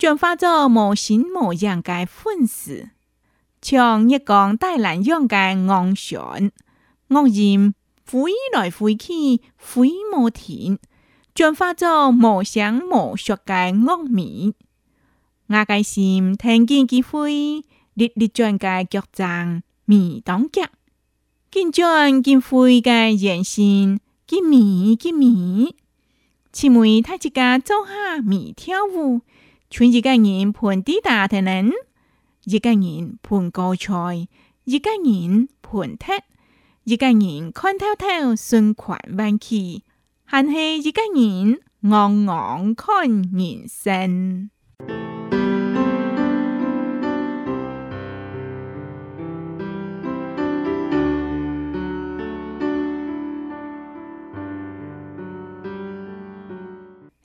轉化做無身無影個粉絲，像月光帶嵐樣個暈船，樂音迴來迴去，迴無停。轉化做無聲無說個樂迷，吾個心跈緊佢迴，捩捩轉個腳㬹，迷當遽，緊轉緊迴個圓身，緊迷緊迷。盡尾大自家做下迷跳舞。伸一個人歕啲咑忒等，一個人歕孤吹，一個人歕笛，一個人看透透循環換氣，還係一個人暈暈看人生。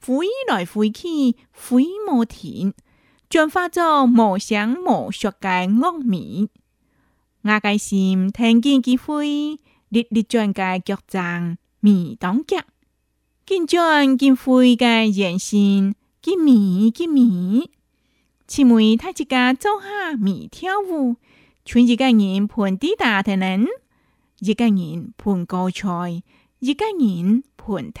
迴來迴去，迴無停，轉化做無聲無說個樂迷。吾個心跈緊佢迴，捩捩轉個腳㬹迷當遽，緊轉緊迴個圓身，緊迷緊迷。盡尾大自家做下迷跳舞。伸一個人歕啲咑忒等，一個人歕孤吹，一個人歕笛。